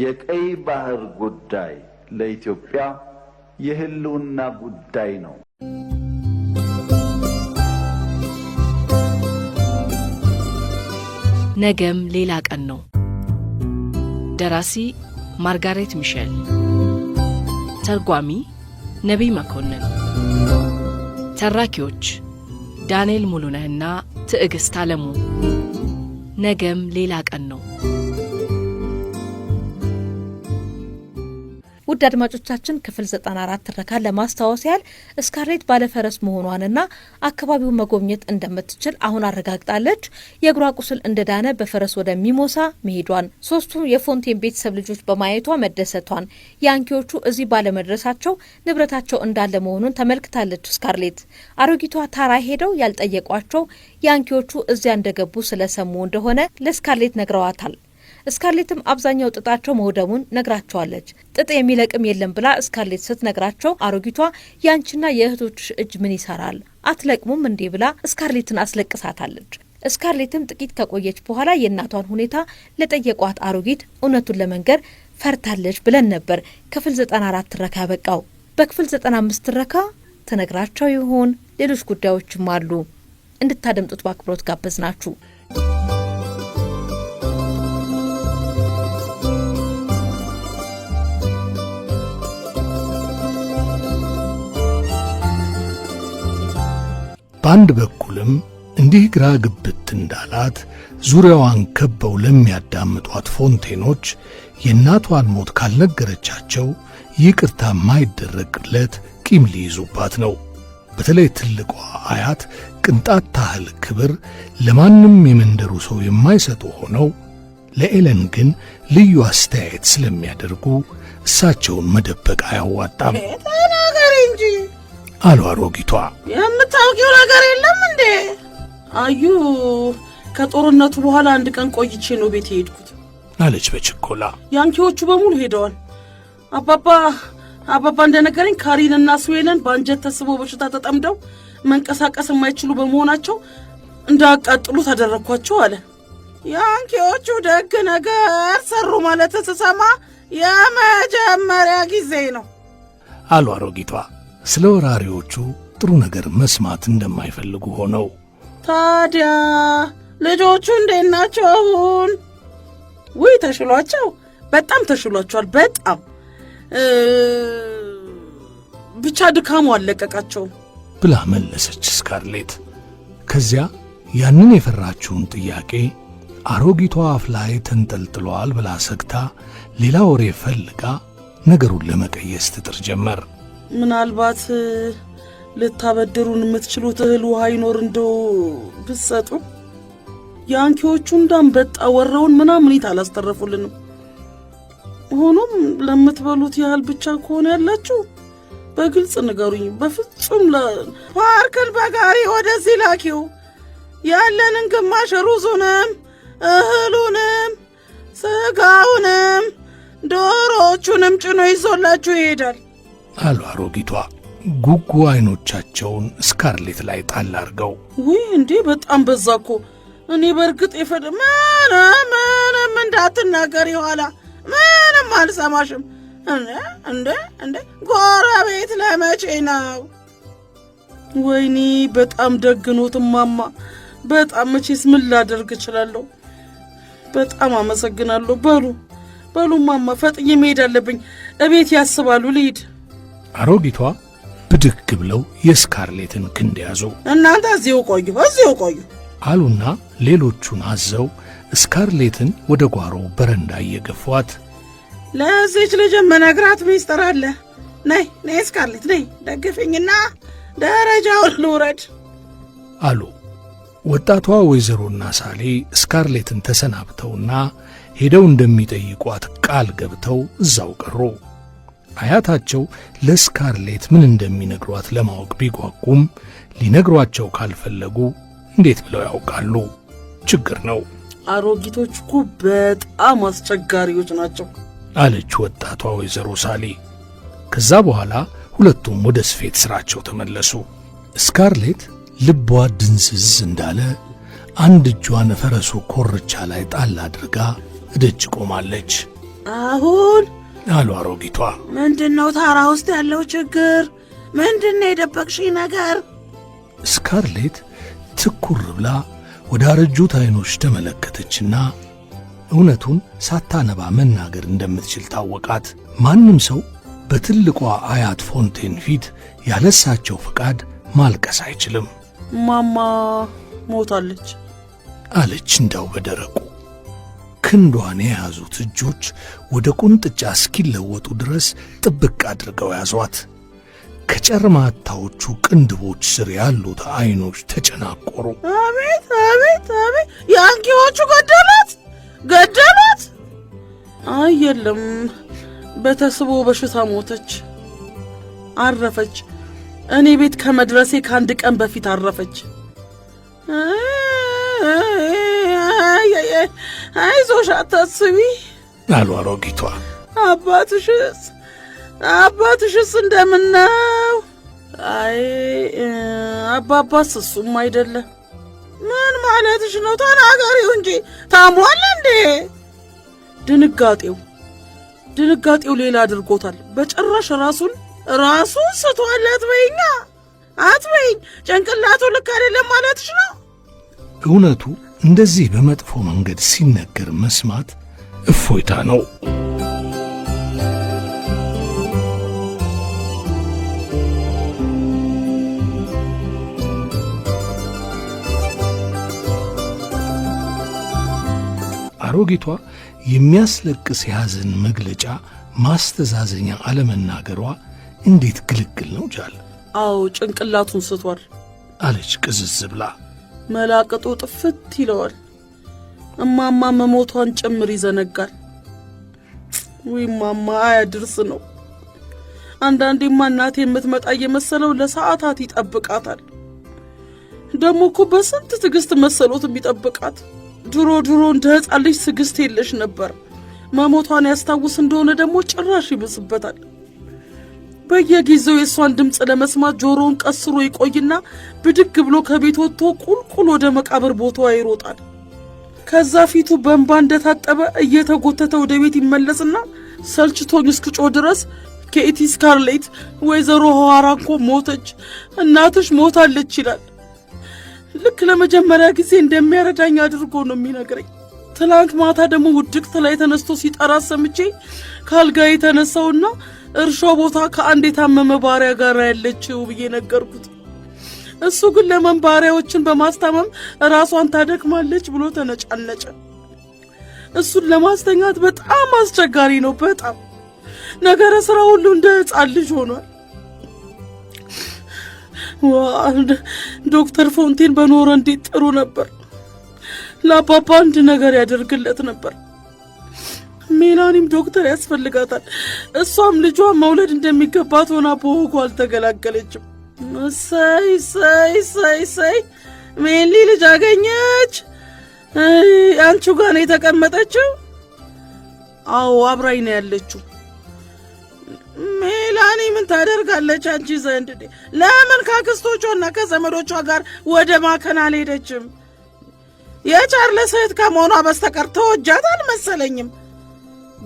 የቀይ ባህር ጉዳይ ለኢትዮጵያ የህልውና ጉዳይ ነው። ነገም ሌላ ቀን ነው። ደራሲ ማርጋሬት ሚሸል፣ ተርጓሚ ነቢይ መኮንን፣ ተራኪዎች ዳንኤል ሙሉነህና ትዕግሥት አለሙ። ነገም ሌላ ቀን ነው። ውድ አድማጮቻችን ክፍል 94 ትረካን ለማስታወስ ያህል ስካርሌት ባለፈረስ መሆኗንና አካባቢውን መጎብኘት እንደምትችል አሁን አረጋግጣለች። የእግሯ ቁስል እንደዳነ በፈረስ ወደ ሚሞሳ መሄዷን፣ ሶስቱ የፎንቴን ቤተሰብ ልጆች በማየቷ መደሰቷን፣ የአንኪዎቹ እዚህ ባለመድረሳቸው ንብረታቸው እንዳለ መሆኑን ተመልክታለች። ስካርሌት አሮጊቷ ታራ ሄደው ያልጠየቋቸው የአንኪዎቹ እዚያ እንደገቡ ስለሰሙ እንደሆነ ለስካርሌት ነግረዋታል። እስካርሌትም አብዛኛው ጥጣቸው መውደሙን ነግራቸዋለች። ጥጥ የሚለቅም የለም ብላ እስካርሌት ስትነግራቸው አሮጊቷ ያንቺና የእህቶች እጅ ምን ይሰራል አትለቅሙም እንዴ ብላ እስካርሌትን አስለቅሳታለች። እስካሌትም ጥቂት ከቆየች በኋላ የእናቷን ሁኔታ ለጠየቋት አሮጊት እውነቱን ለመንገር ፈርታለች ብለን ነበር። ክፍል 94 ትረካ ያበቃው። በክፍል 95 ትረካ ተነግራቸው ይሆን? ሌሎች ጉዳዮችም አሉ። እንድታደምጡት በአክብሮት ጋበዝ ናችሁ። በአንድ በኩልም እንዲህ ግራ ግብት እንዳላት ዙሪያዋን ከበው ለሚያዳምጧት ፎንቴኖች የእናቷን ሞት ካልነገረቻቸው ይቅርታ የማይደረግለት ቂም ሊይዙባት ነው። በተለይ ትልቋ አያት ቅንጣት ታህል ክብር ለማንም የመንደሩ ሰው የማይሰጡ ሆነው ለኤለን ግን ልዩ አስተያየት ስለሚያደርጉ እሳቸውን መደበቅ አያዋጣም። አሉ አሮጊቷ። የምታውቂው ነገር የለም እንዴ? አዩ ከጦርነቱ በኋላ አንድ ቀን ቆይቼ ነው ቤት የሄድኩት አለች በችኮላ። ያንኪዎቹ በሙሉ ሄደዋል። አባባ አባባ እንደነገረኝ ካሪንና ስዌለን በአንጀት ተስቦ በሽታ ተጠምደው መንቀሳቀስ የማይችሉ በመሆናቸው እንዳያቃጥሉ ታደረግኳቸው አለ። ያንኪዎቹ ደግ ነገር ሰሩ ማለት ስሰማ የመጀመሪያ ጊዜ ነው አሉ አሮጊቷ። ስለ ወራሪዎቹ ጥሩ ነገር መስማት እንደማይፈልጉ ሆነው፣ ታዲያ ልጆቹ እንዴት ናቸው አሁን? ውይ ተሽሏቸው፣ በጣም ተሽሏቸዋል። በጣም ብቻ ድካሙ አለቀቃቸው ብላ መለሰች ስካርሌት። ከዚያ ያንን የፈራችውን ጥያቄ አሮጊቷ አፍ ላይ ተንጠልጥሏል ብላ ሰግታ ሌላ ወሬ ፈልጋ ነገሩን ለመቀየስ ትጥር ጀመር። ምናልባት ልታበድሩን የምትችሉት እህል ውሃ ይኖር እንደው ብትሰጡ የአንኪዎቹ እንዳንበጣ ወረውን ምናምን ይት አላስተረፉልንም። ሆኖም ለምትበሉት ያህል ብቻ ከሆነ ያላችሁ በግልጽ ንገሩኝ። በፍጹም ፓርክን በጋሪ ወደዚህ ላኪው። ያለንን ግማሽ ሩዙንም እህሉንም ስጋውንም ዶሮዎቹንም ጭኖ ይዞላችሁ ይሄዳል። አሉ አሮጊቷ ጉጉ አይኖቻቸውን ስካርሌት ላይ ጣል አድርገው። ውይ እንዴ በጣም በዛ እኮ። እኔ በእርግጥ የፈድ ምንም ምንም እንዳትናገር የኋላ ምንም አልሰማሽም። እንደ እንደ ጎረቤት ለመቼ ነው? ወይኔ በጣም ደግኖት እማማ፣ በጣም መቼስ ምን ላደርግ እችላለሁ? በጣም አመሰግናለሁ። በሉ በሉ እማማ፣ ፈጥኜ መሄድ አለብኝ። እቤት ያስባሉ ልሂድ። አሮጊቷ ብድግ ብለው የስካርሌትን ክንድ ያዙ። እናንተ እዚሁ ቆዩ፣ እዚሁ ቆዩ አሉና ሌሎቹን አዘው ስካርሌትን ወደ ጓሮ በረንዳ እየገፏት ለዚች ልጅ መነግራት ሚስጥር አለ። ነይ ነይ ስካርሌት ነይ፣ ደግፍኝና ደረጃውን ልውረድ አሉ። ወጣቷ ወይዘሮና ሳሌ ስካርሌትን ተሰናብተውና ሄደው እንደሚጠይቋት ቃል ገብተው እዛው ቀሩ። አያታቸው ለስካርሌት ምን እንደሚነግሯት ለማወቅ ቢጓጉም ሊነግሯቸው ካልፈለጉ እንዴት ብለው ያውቃሉ? ችግር ነው። አሮጊቶች እኮ በጣም አስቸጋሪዎች ናቸው አለች ወጣቷ ወይዘሮ ሳሊ። ከዛ በኋላ ሁለቱም ወደ ስፌት ሥራቸው ተመለሱ። ስካርሌት ልቧ ድንዝዝ እንዳለ አንድ እጇን ፈረሱ ኮርቻ ላይ ጣል አድርጋ እደጅ ቆማለች። አሁን አሉ አሮጊቷ። ምንድን ነው ታራ ውስጥ ያለው ችግር? ምንድን ነው የደበቅሽኝ ነገር? ስካርሌት ትኩር ብላ ወደ አረጁት ዐይኖች ተመለከተችና እውነቱን ሳታነባ መናገር እንደምትችል ታወቃት። ማንም ሰው በትልቋ አያት ፎንቴን ፊት ያለሳቸው ፈቃድ ማልቀስ አይችልም። ማማ ሞታለች አለች እንዳው በደረቁ ክንዷን የያዙት እጆች ወደ ቁንጥጫ እስኪለወጡ ድረስ ጥብቅ አድርገው ያዟት። ከጨርማታዎቹ ቅንድቦች ስር ያሉት አይኖች ተጨናቆሩ። አቤት አቤት አቤት! የአንኪዎቹ ገደሏት ገደሏት! አይ የለም፣ በተስቦ በሽታ ሞተች፣ አረፈች። እኔ ቤት ከመድረሴ ከአንድ ቀን በፊት አረፈች። አይዞሽ አታስቢ አሉ አሮጊቷ። አባትሽስ አባትሽስ እንደምናው? አይ አባባስ እሱም አይደለም። ምን ማለትሽ ነው? ተናገሪው እንጂ ታሟል እንዴ? ድንጋጤው ድንጋጤው ሌላ አድርጎታል። በጭራሽ ራሱን ራሱን ስቷል። አትበይኛ አትበይኝ፣ ጭንቅላቱ ልክ አይደለም ማለትሽ ነው እውነቱ እንደዚህ በመጥፎ መንገድ ሲነገር መስማት እፎይታ ነው። አሮጊቷ የሚያስለቅስ የሐዘን መግለጫ ማስተዛዘኛ አለመናገሯ እንዴት ግልግል ነው ጃል። አዎ ጭንቅላቱን ስቷል አለች ቅዝዝ ብላ። መላቀጡ ጥፍት ይለዋል። እማማ መሞቷን ጭምር ይዘነጋል። ወይ ማማ አያድርስ ነው። አንዳንዴማ እናቴ የምትመጣ እየመሰለው ለሰዓታት ይጠብቃታል። ደግሞ እኮ በስንት ትዕግስት መሰሎት የሚጠብቃት? ድሮ ድሮ እንደ ሕፃን ልጅ ትዕግስት የለሽ ነበር። መሞቷን ያስታውስ እንደሆነ ደግሞ ጭራሽ ይብስበታል። በየጊዜው የእሷን ድምፅ ለመስማት ጆሮውን ቀስሮ ይቆይና ብድግ ብሎ ከቤት ወጥቶ ቁልቁል ወደ መቃብር ቦታዋ ይሮጣል። ከዛ ፊቱ በእንባ እንደታጠበ እየተጎተተ ወደ ቤት ይመለስና ሰልችቶኝ እስክጮ ድረስ ኬቲ ስካርሌት፣ ወይዘሮ ሐዋራ እኮ ሞተች፣ እናትሽ ሞታለች ይላል። ልክ ለመጀመሪያ ጊዜ እንደሚያረዳኝ አድርጎ ነው የሚነግረኝ። ትላንት ማታ ደግሞ ውድቅት ላይ ተነስቶ ሲጠራ ሰምቼ ካልጋ የተነሳውና እርሻ ቦታ ከአንድ የታመመ ባሪያ ጋር ያለችው ብዬ ነገርኩት። እሱ ግን ለምን ባሪያዎችን በማስታመም ራሷን ታደክማለች ብሎ ተነጫነጨ። እሱን ለማስተኛት በጣም አስቸጋሪ ነው። በጣም ነገረ ስራ ሁሉ እንደ ሕፃን ልጅ ሆኗል። ዶክተር ፎንቴን በኖረ እንዴት ጥሩ ነበር። ለአባባ አንድ ነገር ያደርግለት ነበር። ሜላኒም ዶክተር ያስፈልጋታል። እሷም ልጇ መውለድ እንደሚገባት ሆና በወጉ አልተገላገለችም። እሰይ እሰይ እሰይ እሰይ ሜሊ ልጅ አገኘች። አንቺ ጋር ነው የተቀመጠችው? አዎ አብራኝ ነው ያለችው። ሜላኒ ምን ታደርጋለች አንቺ ዘንድ? ለምን ከአክስቶቿና ከዘመዶቿ ጋር ወደ ማከን አልሄደችም? የቻርለስ እህት ከመሆኗ በስተቀር ተወጃት አልመሰለኝም።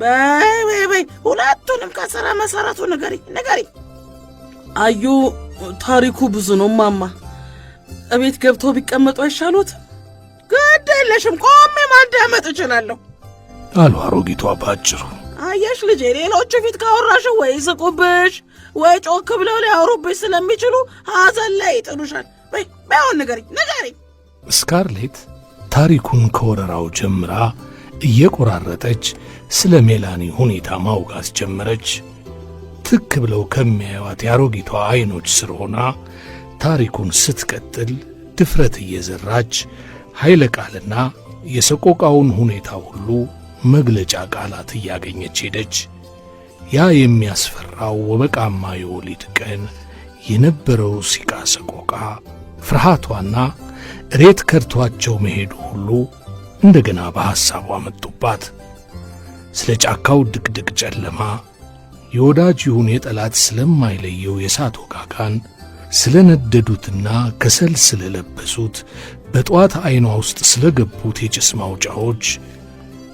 በይ በይ በይ ሁለቱንም ከስረ መሰረቱ ንገሪ ንገሪ። አዩ ታሪኩ ብዙ ነው ማማ፣ እቤት ገብተው ቢቀመጡ አይሻሉት? ግድ የለሽም ቆሜ ማዳመጥ እችላለሁ አሉ አሮጊቷ በአጭሩ። አየሽ ልጄ፣ ሌሎቹ ፊት ካወራሽ ወይ ይስቁብሽ ወይ ጮክ ብለው ሊያወሩብሽ ስለሚችሉ ሐዘን ላይ ይጥሉሻል። በይ በይሆን ንገሪ ንገሪ። ስካርሌት ታሪኩን ከወረራው ጀምራ እየቆራረጠች ስለ ሜላኒ ሁኔታ ማውጋት ጀመረች። ትክ ብለው ከሚያዩዋት የአሮጊቷ ዐይኖች ስር ሆና ታሪኩን ስትቀጥል ድፍረት እየዘራች ኃይለ ቃልና የሰቆቃውን ሁኔታ ሁሉ መግለጫ ቃላት እያገኘች ሄደች። ያ የሚያስፈራው ወበቃማ የወሊድ ቀን የነበረው ሲቃ ሰቆቃ፣ ፍርሃቷና እሬት ከርቷቸው መሄዱ ሁሉ እንደገና በሐሳቧ መጡባት። ስለ ጫካው ድቅድቅ ጨለማ፣ የወዳጅ ይሁን የጠላት ስለማይለየው የእሳት ወጋጋን፣ ስለ ነደዱትና ከሰል ስለለበሱት፣ በጠዋት ዐይኗ ውስጥ ስለ ገቡት የጭስ ማውጫዎች፣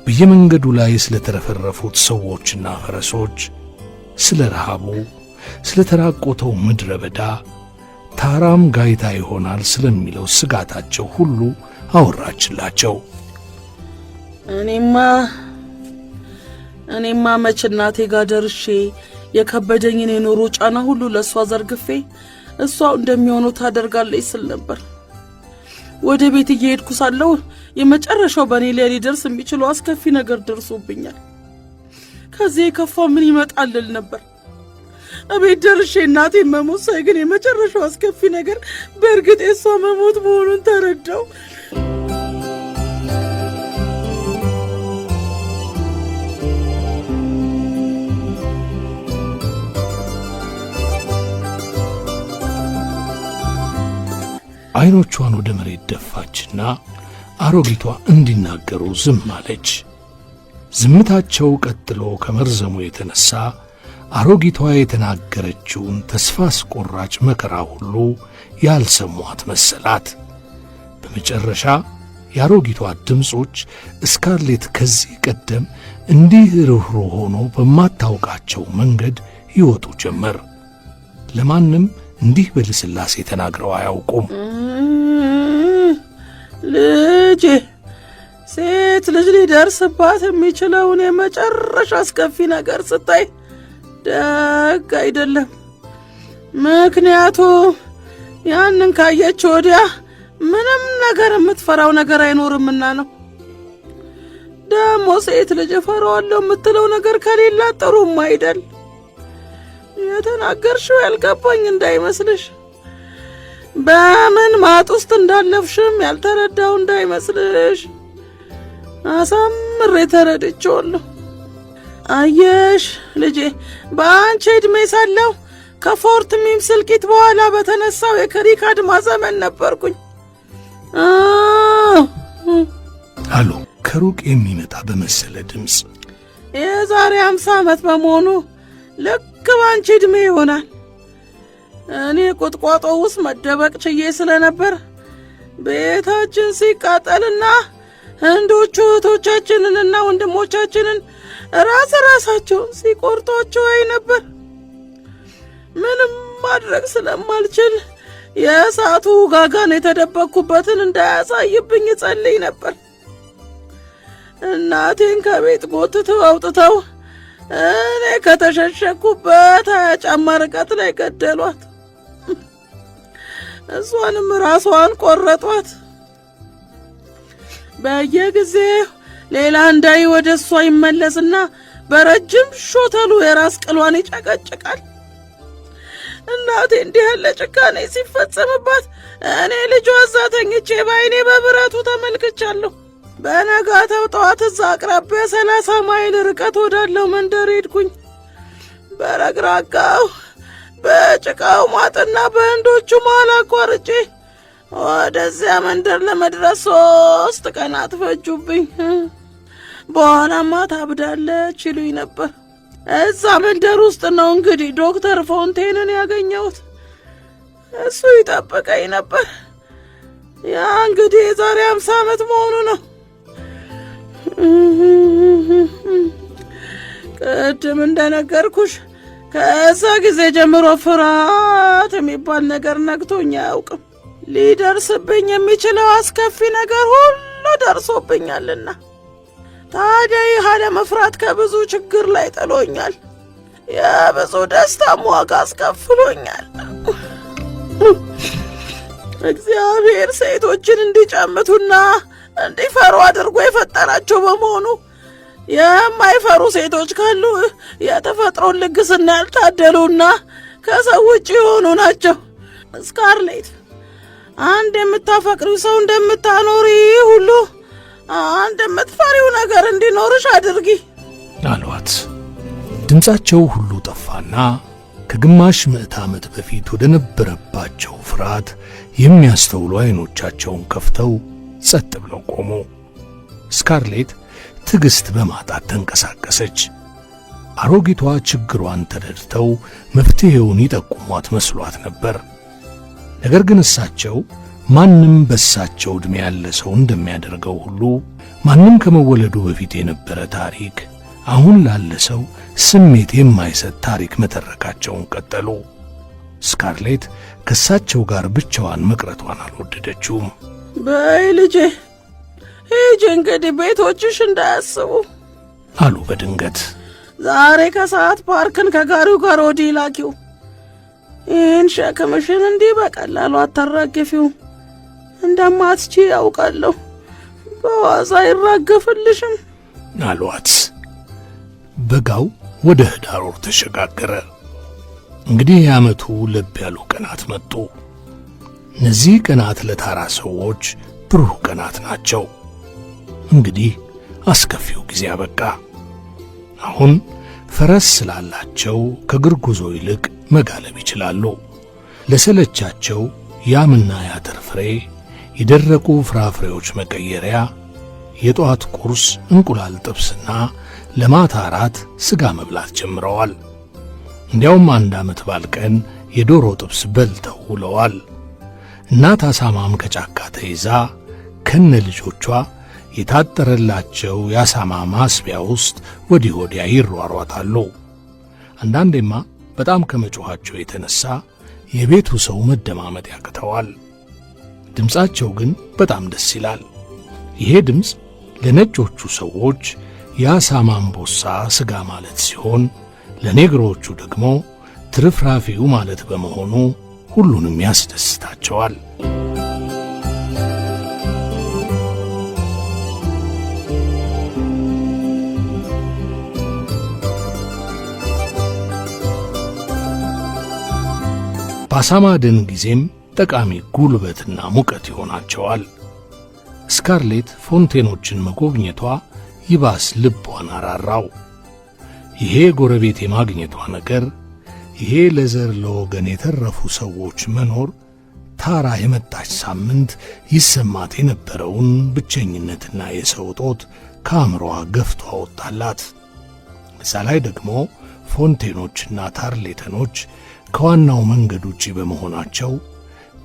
በየመንገዱ ላይ ስለ ተረፈረፉት ሰዎችና ፈረሶች፣ ስለ ረሃቡ፣ ስለ ተራቆተው ምድረ በዳ ታራም ጋይታ ይሆናል ስለሚለው ስጋታቸው ሁሉ አወራችላቸው። እኔማ እኔማ መች እናቴ ጋር ደርሼ የከበደኝን የኑሮ ጫና ሁሉ ለእሷ ዘርግፌ እሷ እንደሚሆነው ታደርጋለች ስል ነበር። ወደ ቤት እየሄድኩ ሳለሁ የመጨረሻው በእኔ ላይ ሊደርስ የሚችለው አስከፊ ነገር ደርሶብኛል። ከዚህ የከፋ ምን ይመጣልል ነበር። እቤት ደርሼ እናቴ መሞት ሳይ ግን የመጨረሻው አስከፊ ነገር በእርግጥ የእሷ መሞት መሆኑን ተረዳው። አይኖቿን ወደ መሬት ደፋችና አሮጊቷ እንዲናገሩ ዝም አለች። ዝምታቸው ቀጥሎ ከመርዘሙ የተነሳ አሮጊቷ የተናገረችውን ተስፋ አስቆራጭ መከራ ሁሉ ያልሰሟት መሰላት። በመጨረሻ የአሮጊቷ ድምፆች እስካርሌት ከዚህ ቀደም እንዲህ ርኅሩህ ሆኖ በማታውቃቸው መንገድ ይወጡ ጀመር። ለማንም እንዲህ በልስላሴ ተናግረው አያውቁም። ልጄ ሴት ልጅ ሊደርስባት የሚችለውን የመጨረሻ አስከፊ ነገር ስታይ ደግ አይደለም። ምክንያቱ ያንን ካየች ወዲያ ምንም ነገር የምትፈራው ነገር አይኖርምና ነው። ደግሞ ሴት ልጅ እፈራዋለሁ የምትለው ነገር ከሌላ ጥሩም አይደል። የተናገርሽው ያልገባኝ እንዳይመስልሽ። በምን ማጥ ውስጥ እንዳለፍሽም ያልተረዳው እንዳይመስልሽ አሳምሬ ተረድቼዋለሁ። አየሽ ልጄ፣ በአንቺ ዕድሜ ሳለሁ ከፎርት ሚም ስልቂት በኋላ በተነሳው የክሪክ አድማ ዘመን ነበርኩኝ። አሉ ከሩቅ የሚመጣ በመሰለ ድምፅ። የዛሬ አምሳ ዓመት በመሆኑ ልክ በአንቺ ዕድሜ ይሆናል። እኔ ቁጥቋጦ ውስጥ መደበቅ ችዬ ስለነበር ቤታችን ሲቃጠልና እንዶቹ እህቶቻችንንና ወንድሞቻችንን ራስ ራሳቸውን ሲቆርጧቸው አይ ነበር። ምንም ማድረግ ስለማልችል የእሳቱ ጋጋን የተደበቅኩበትን እንዳያሳይብኝ ጸልይ ነበር። እናቴን ከቤት ጎትተው አውጥተው እኔ ከተሸሸኩበት ሀያ ጫማ ርቀት ላይ ገደሏት። እሷንም ራሷን ቆረጧት። በየጊዜው ሌላ እንዳይ ወደ እሷ ይመለስና በረጅም ሾተሉ የራስ ቅሏን ይጨቀጭቃል። እናቴ እንዲህ ያለ ጭካኔ ሲፈጸምባት እኔ ልጇ እዛ ተኝቼ በዓይኔ በብረቱ ተመልክቻለሁ። በነጋ ጠዋት እዛ አቅራቢያ ሰላሳ ማይል ርቀት ወዳለው መንደር ሄድኩኝ። በረግራጋው በጭቃው ሟጥና በህንዶቹ መሃል አቋርጬ ወደዚያ መንደር ለመድረስ ሶስት ቀናት ፈጁብኝ። በኋላማ ታብዳለች ይሉኝ ነበር። እዛ መንደር ውስጥ ነው እንግዲህ ዶክተር ፎንቴንን ያገኘሁት። እሱ ይጠበቀኝ ነበር። ያ እንግዲህ የዛሬ አምሳ ዓመት መሆኑ ነው። ቅድም እንደነገርኩሽ ከዛ ጊዜ ጀምሮ ፍርሃት የሚባል ነገር ነግቶኝ አያውቅም። ሊደርስብኝ የሚችለው አስከፊ ነገር ሁሉ ደርሶብኛልና፣ ታዲያ ይህ አለመፍራት ከብዙ ችግር ላይ ጥሎኛል፣ የብዙ ደስታም ዋጋ አስከፍሎኛል። እግዚአብሔር ሴቶችን እንዲጨምቱና እንዲፈሩ አድርጎ የፈጠራቸው በመሆኑ የማይፈሩ ሴቶች ካሉ የተፈጥሮን ልግስና ያልታደሉና ከሰው ውጭ የሆኑ ናቸው። ስካርሌት፣ አንድ የምታፈቅሪው ሰው እንደምታኖሪ ሁሉ አንድ የምትፈሪው ነገር እንዲኖርሽ አድርጊ አሏት። ድምፃቸው ሁሉ ጠፋና ከግማሽ ምዕት ዓመት በፊት ወደ ነበረባቸው ፍርሃት የሚያስተውሉ ዐይኖቻቸውን ከፍተው ጸጥ ብለው ቆሙ። ስካርሌት ትዕግሥት በማጣት ተንቀሳቀሰች። አሮጊቷ ችግሯን ተረድተው መፍትሔውን ይጠቁሟት መስሏት ነበር። ነገር ግን እሳቸው ማንም በሳቸው ዕድሜ ያለ ሰው እንደሚያደርገው ሁሉ ማንም ከመወለዱ በፊት የነበረ ታሪክ አሁን ላለ ሰው ስሜት የማይሰጥ ታሪክ መተረካቸውን ቀጠሉ። ስካርሌት ከእሳቸው ጋር ብቻዋን መቅረቷን አልወደደችውም። በይ ልጄ ሂጂ እንግዲህ ቤቶችሽ እንዳያስቡ አሉ በድንገት። ዛሬ ከሰዓት ፓርክን ከጋሪው ጋር ወዲህ ላኪው። ይህን ሸክምሽን እንዲህ በቀላሉ አታራግፊው። እንደማትቺ ያውቃለሁ። በዋዛ አይራገፍልሽም አሏት። በጋው ወደ ህዳር ወር ተሸጋገረ። እንግዲህ የዓመቱ ለብ ያሉ ቀናት መጡ። እነዚህ ቀናት ለታራ ሰዎች ብሩህ ቀናት ናቸው። እንግዲህ አስከፊው ጊዜ አበቃ። አሁን ፈረስ ስላላቸው ከእግር ጉዞ ይልቅ መጋለብ ይችላሉ። ለሰለቻቸው ያምና ያተር ፍሬ፣ የደረቁ ፍራፍሬዎች መቀየሪያ፣ የጠዋት ቁርስ እንቁላል ጥብስና ለማታ አራት ሥጋ መብላት ጀምረዋል። እንዲያውም አንድ ዓመት ባል ቀን የዶሮ ጥብስ በልተው ውለዋል። እናት አሳማም ከጫካ ተይዛ ከነ ልጆቿ የታጠረላቸው የአሳማ ማስቢያ ውስጥ ወዲህ ወዲያ ይሯሯጣሉ። አንዳንዴማ በጣም ከመጮኋቸው የተነሳ የቤቱ ሰው መደማመጥ ያቅተዋል። ድምፃቸው ግን በጣም ደስ ይላል። ይሄ ድምፅ ለነጮቹ ሰዎች የአሳማ አንበሳ ሥጋ ማለት ሲሆን ለኔግሮቹ ደግሞ ትርፍራፊው ማለት በመሆኑ ሁሉንም ያስደስታቸዋል። በአሳማ ጊዜም ጠቃሚ ጉልበትና ሙቀት ይሆናቸዋል። ስካርሌት ፎንቴኖችን መጎብኘቷ ይባስ ልቧን አራራው። ይሄ ጎረቤት የማግኘቷ ነገር፣ ይሄ ለዘር ለወገን የተረፉ ሰዎች መኖር ታራ የመጣች ሳምንት ይሰማት የነበረውን ብቸኝነትና የሰው ጦት ከአእምሮዋ ገፍቶ አወጣላት። እዛ ላይ ደግሞ ፎንቴኖችና ታርሌተኖች ከዋናው መንገድ ውጪ በመሆናቸው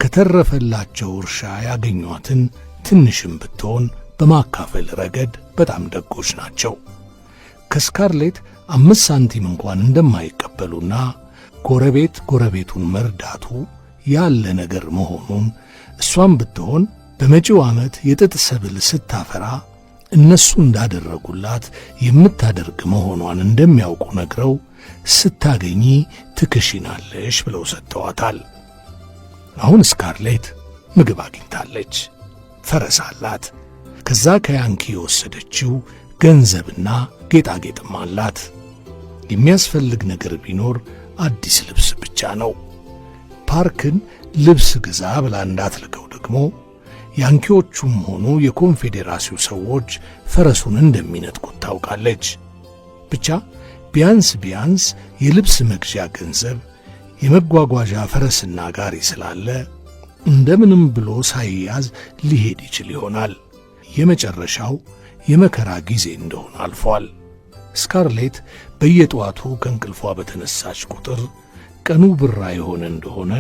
ከተረፈላቸው እርሻ ያገኟትን ትንሽም ብትሆን በማካፈል ረገድ በጣም ደጎች ናቸው። ከስካርሌት አምስት ሳንቲም እንኳን እንደማይቀበሉና ጎረቤት ጎረቤቱን መርዳቱ ያለ ነገር መሆኑን እሷም ብትሆን በመጪው ዓመት የጥጥ ሰብል ስታፈራ እነሱ እንዳደረጉላት የምታደርግ መሆኗን እንደሚያውቁ ነግረው ስታገኚ ትክሽናለሽ ብለው ሰጥተዋታል። አሁን ስካርሌት ምግብ አግኝታለች፣ ፈረስ አላት። ከዛ ከያንኪ የወሰደችው ገንዘብና ጌጣጌጥም አላት። የሚያስፈልግ ነገር ቢኖር አዲስ ልብስ ብቻ ነው። ፓርክን ልብስ ግዛ ብላ እንዳትልከው ደግሞ ያንኪዎቹም ሆኑ የኮንፌዴራሲው ሰዎች ፈረሱን እንደሚነጥቁት ታውቃለች። ብቻ ቢያንስ ቢያንስ የልብስ መግዣ ገንዘብ፣ የመጓጓዣ ፈረስና ጋሪ ስላለ እንደምንም ብሎ ሳይያዝ ሊሄድ ይችል ይሆናል። የመጨረሻው የመከራ ጊዜ እንደሆነ አልፏል። ስካርሌት በየጠዋቱ ከእንቅልፏ በተነሳች ቁጥር ቀኑ ብራ የሆነ እንደሆነ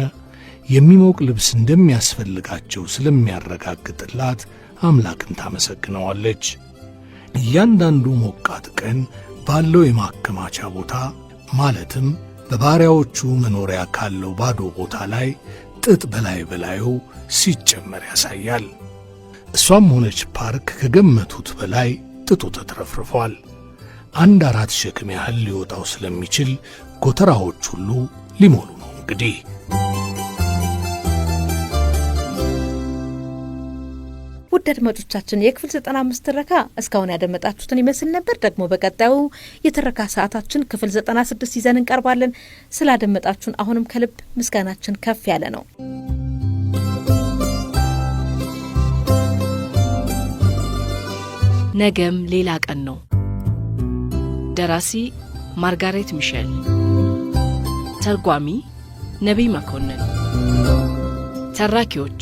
የሚሞቅ ልብስ እንደሚያስፈልጋቸው ስለሚያረጋግጥላት አምላክን ታመሰግነዋለች። እያንዳንዱ ሞቃት ቀን ባለው የማከማቻ ቦታ ማለትም በባሪያዎቹ መኖሪያ ካለው ባዶ ቦታ ላይ ጥጥ በላይ በላዩ ሲጨመር ያሳያል። እሷም ሆነች ፓርክ ከገመቱት በላይ ጥጡ ተትረፍርፏል። አንድ አራት ሸክም ያህል ሊወጣው ስለሚችል ጎተራዎች ሁሉ ሊሞሉ ነው እንግዲህ ውድ አድማጮቻችን የክፍል ዘጠና አምስት ትረካ እስካሁን ያደመጣችሁትን ይመስል ነበር። ደግሞ በቀጣዩ የትረካ ሰዓታችን ክፍል ዘጠና ስድስት ይዘን እንቀርባለን። ስላደመጣችሁን አሁንም ከልብ ምስጋናችን ከፍ ያለ ነው። ነገም ሌላ ቀን ነው። ደራሲ ማርጋሬት ሚሼል፣ ተርጓሚ ነቢይ መኮንን፣ ተራኪዎች